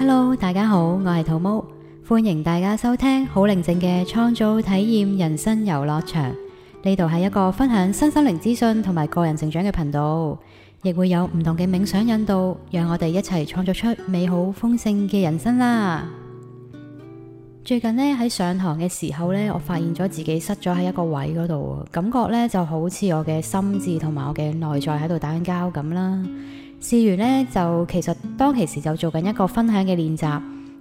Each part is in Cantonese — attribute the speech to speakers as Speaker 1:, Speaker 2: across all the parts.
Speaker 1: hello，大家好，我係桃毛，歡迎大家收聽好寧靜嘅創造體驗人生遊樂場。呢度係一個分享新心靈資訊同埋個人成長嘅頻道，亦會有唔同嘅冥想引導，讓我哋一齊創造出美好豐盛嘅人生啦。最近呢，喺上堂嘅時候呢，我發現咗自己失咗喺一個位嗰度，感覺呢就好似我嘅心智同埋我嘅內在喺度打緊交咁啦。試完呢，就其實當其時就做緊一個分享嘅練習，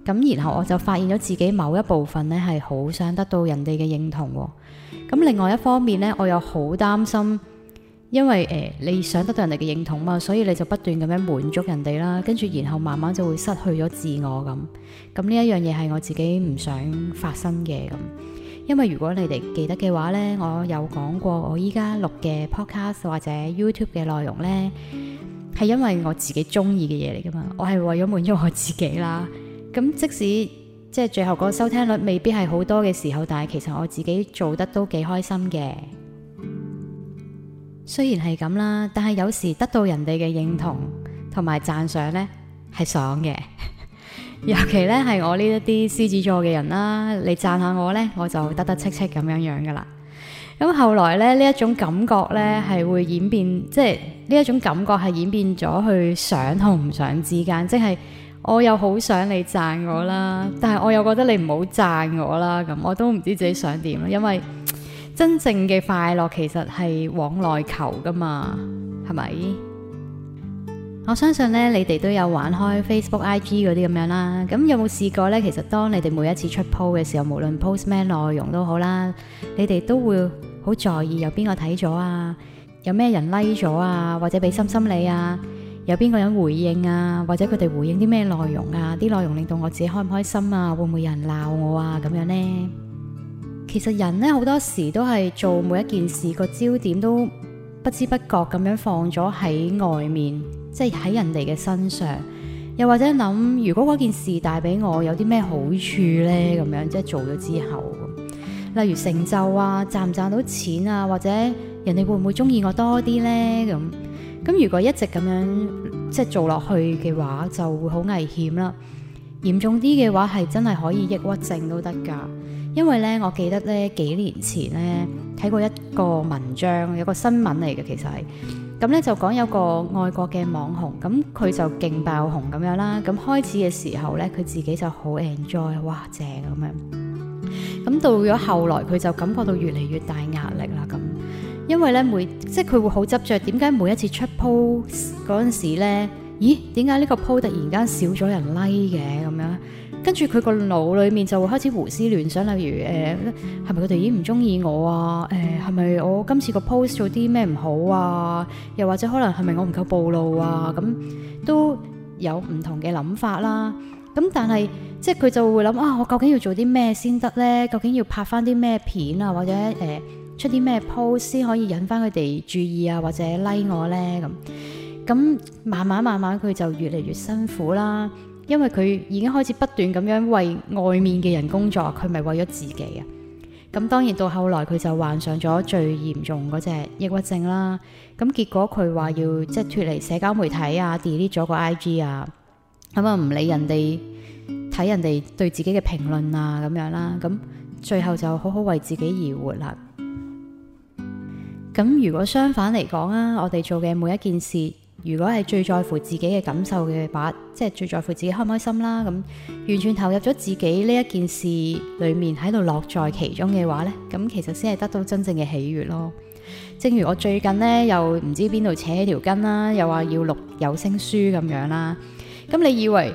Speaker 1: 咁然後我就發現咗自己某一部分呢係好想得到人哋嘅認同，哦，咁另外一方面呢，我又好擔心，因為誒、呃、你想得到人哋嘅認同嘛，所以你就不斷咁樣滿足人哋啦，跟住然後慢慢就會失去咗自我咁，咁呢一樣嘢係我自己唔想發生嘅咁，因為如果你哋記得嘅話呢，我有講過我依家錄嘅 podcast 或者 YouTube 嘅內容呢。係因為我自己中意嘅嘢嚟噶嘛，我係為咗滿足我自己啦。咁即使即係最後個收聽率未必係好多嘅時候，但係其實我自己做得都幾開心嘅。雖然係咁啦，但係有時得到人哋嘅認同同埋讚賞咧，係爽嘅。 尤其咧係我呢一啲獅子座嘅人啦，你讚下我咧，我就得得戚戚咁樣樣噶啦。咁後來咧，呢一種感覺咧係會演變，即係呢一種感覺係演變咗去想同唔想之間，即係我又好想你讚我啦，但係我又覺得你唔好讚我啦，咁我都唔知自己想點啦，因為真正嘅快樂其實係往內求噶嘛，係咪？我相信咧，你哋都有玩開 Facebook、IG 嗰啲咁樣啦，咁有冇試過咧？其實當你哋每一次出 post 嘅時候，無論 post 咩內容都好啦，你哋都會。好在意有邊個睇咗啊？有咩人 like 咗啊？或者俾心心你啊？有邊個人回應啊？或者佢哋回應啲咩內容啊？啲內容令到我自己開唔開心啊？會唔會有人鬧我啊？咁樣呢？其實人呢，好多時都係做每一件事個焦點都不知不覺咁樣放咗喺外面，即係喺人哋嘅身上，又或者諗如果嗰件事帶俾我有啲咩好處呢？咁樣即係、就是、做咗之後。例如成就啊，賺唔賺到錢啊，或者人哋會唔會中意我多啲呢？咁咁如果一直咁樣即係做落去嘅話，就會好危險啦。嚴重啲嘅話係真係可以抑鬱症都得㗎。因為呢，我記得呢，幾年前呢，睇過一個文章，有個新聞嚟嘅其實係咁呢，就講有個外國嘅網紅，咁佢就勁爆紅咁樣啦。咁開始嘅時候呢，佢自己就好 enjoy，哇正咁樣。咁到咗後來，佢就感覺到越嚟越大壓力啦咁，因為咧每即係佢會好執着。點解每一次出 post 嗰陣時咧，咦？點解呢個 post 突然間少咗人 like 嘅咁樣？跟住佢個腦裡面就會開始胡思亂想，例如誒係咪佢哋已經唔中意我啊？誒係咪我今次個 post 做啲咩唔好啊？又或者可能係咪我唔夠暴露啊？咁都有唔同嘅諗法啦。咁但係即係佢就會諗啊，我究竟要做啲咩先得呢？究竟要拍翻啲咩片啊，或者誒、呃、出啲咩 post 先可以引翻佢哋注意啊，或者拉、like、我呢？」咁，咁慢慢慢慢佢就越嚟越辛苦啦，因為佢已經開始不斷咁樣為外面嘅人工作，佢咪為咗自己啊？咁當然到後來佢就患上咗最嚴重嗰隻抑鬱症啦。咁、啊、結果佢話要即係脫離社交媒體啊，delete 咗個 IG 啊。咁啊！唔理人哋睇人哋對自己嘅評論啊，咁樣啦，咁最後就好好為自己而活啦。咁如果相反嚟講啊，我哋做嘅每一件事，如果係最在乎自己嘅感受嘅把，即係最在乎自己開唔開心啦。咁完全投入咗自己呢一件事裡面，喺度樂在其中嘅話咧，咁其實先係得到真正嘅喜悅咯。正如我最近咧，又唔知邊度扯起條筋啦，又話要錄有聲書咁樣啦。咁你以為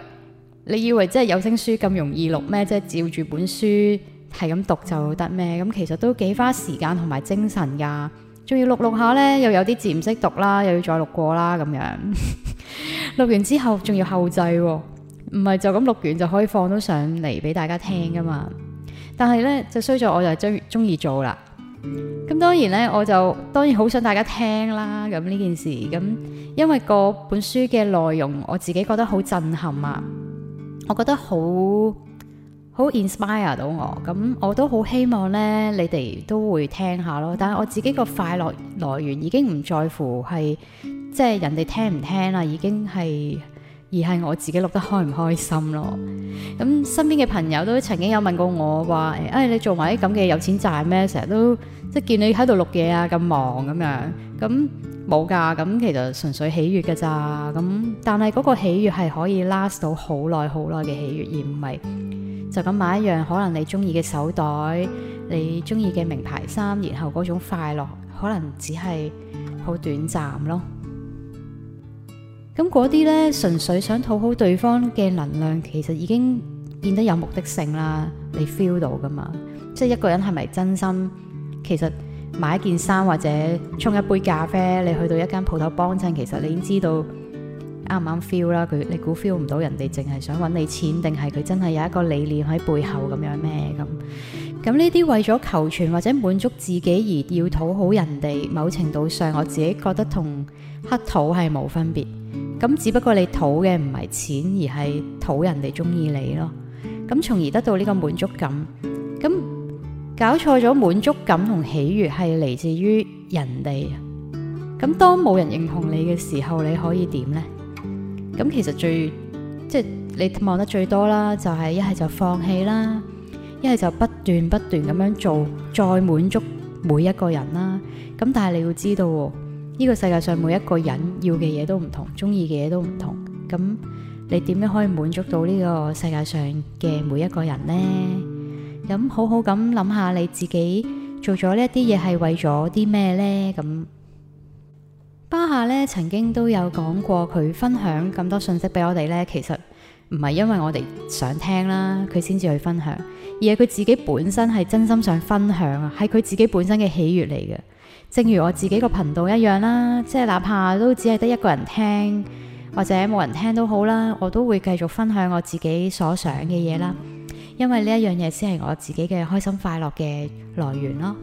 Speaker 1: 你以為即係有聲書咁容易錄咩？即係照住本書係咁讀就得咩？咁其實都幾花時間同埋精神㗎，仲要錄錄下咧，又有啲字唔識讀啦，又要再錄過啦咁樣。錄 完之後仲要後製喎、哦，唔係就咁錄完就可以放到上嚟俾大家聽㗎嘛。嗯、但係咧就衰咗，我就係中中意做啦。咁當然咧，我就當然好想大家聽啦。咁呢件事，咁因為嗰本書嘅內容，我自己覺得好震撼啊，我覺得好好 inspire 到我。咁我都好希望咧，你哋都會聽下咯。但係我自己個快樂來源已經唔在乎係即係人哋聽唔聽啦、啊，已經係。而係我自己錄得開唔開心咯。咁身邊嘅朋友都曾經有問過我話：哎，你做埋啲咁嘅嘢有錢賺咩？成日都即係見你喺度錄嘢啊，咁忙咁樣。咁冇㗎。咁其實純粹喜悅㗎咋。咁但係嗰個喜悅係可以 last 到好耐好耐嘅喜悅，而唔係就咁買一樣可能你中意嘅手袋、你中意嘅名牌衫，然後嗰種快樂可能只係好短暫咯。咁嗰啲咧，純粹想討好對方嘅能量，其實已經變得有目的性啦。你 feel 到㗎嘛？即係一個人係咪真心？其實買一件衫或者沖一杯咖啡，你去到一間鋪頭幫襯，其實你已經知道啱唔啱 feel 啦。佢你估 feel 唔到人哋，淨係想搵你錢，定係佢真係有一個理念喺背後咁樣咩？咁咁呢啲為咗求存或者滿足自己而要討好人哋，某程度上我自己覺得同乞討係冇分別。咁只不過你討嘅唔係錢而係討人哋中意你囉，從而得到呢個滿足感。咁搞錯咗滿足感同喜悦係嚟自於人哋，咁當冇人認同你嘅時候，你可以點呢？咁其實最即係你望得最多啦，就係一係就放棄啦，一係就不斷不斷咁樣做再滿足每一個人啦。咁但係你要知道喎呢個世界上每一個人要嘅嘢都唔同，中意嘅嘢都唔同。咁你點樣可以滿足到呢個世界上嘅每一個人呢？咁好好咁諗下你自己做咗呢一啲嘢係為咗啲咩呢？咁巴夏呢曾經都有講過，佢分享咁多信息俾我哋呢。其實，唔係因為我哋想聽啦，佢先至去分享，而係佢自己本身係真心想分享啊，係佢自己本身嘅喜悅嚟嘅。正如我自己個頻道一樣啦，即係哪怕都只係得一個人聽，或者冇人聽都好啦，我都會繼續分享我自己所想嘅嘢啦。因為呢一樣嘢先係我自己嘅開心快樂嘅來源咯。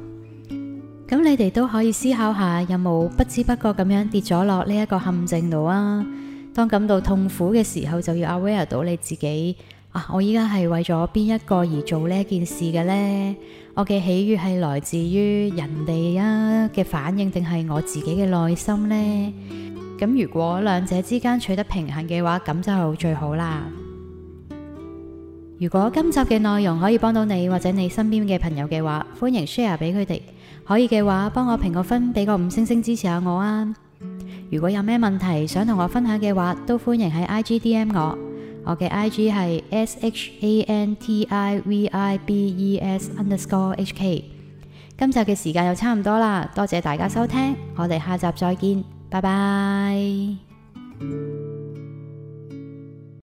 Speaker 1: 咁 你哋都可以思考下，有冇不知不覺咁樣跌咗落呢一個陷阱度啊？當感到痛苦嘅時候，就要 aware 到你自己啊！我依家係為咗邊一個而做呢件事嘅咧？我嘅喜悅係來自於人哋啊嘅反應，定係我自己嘅內心咧？咁如果兩者之間取得平衡嘅話，咁就最好啦。如果今集嘅內容可以幫到你或者你身邊嘅朋友嘅話，歡迎 share 俾佢哋。可以嘅話，幫我評個分，俾個五星星支持下我啊！如果有咩問題想同我分享嘅話，都歡迎喺 I G D M 我。我嘅 I G 係 S H A N T I V I B E S underscore H K。今集嘅時間又差唔多啦，多謝大家收聽，我哋下集再見，拜拜。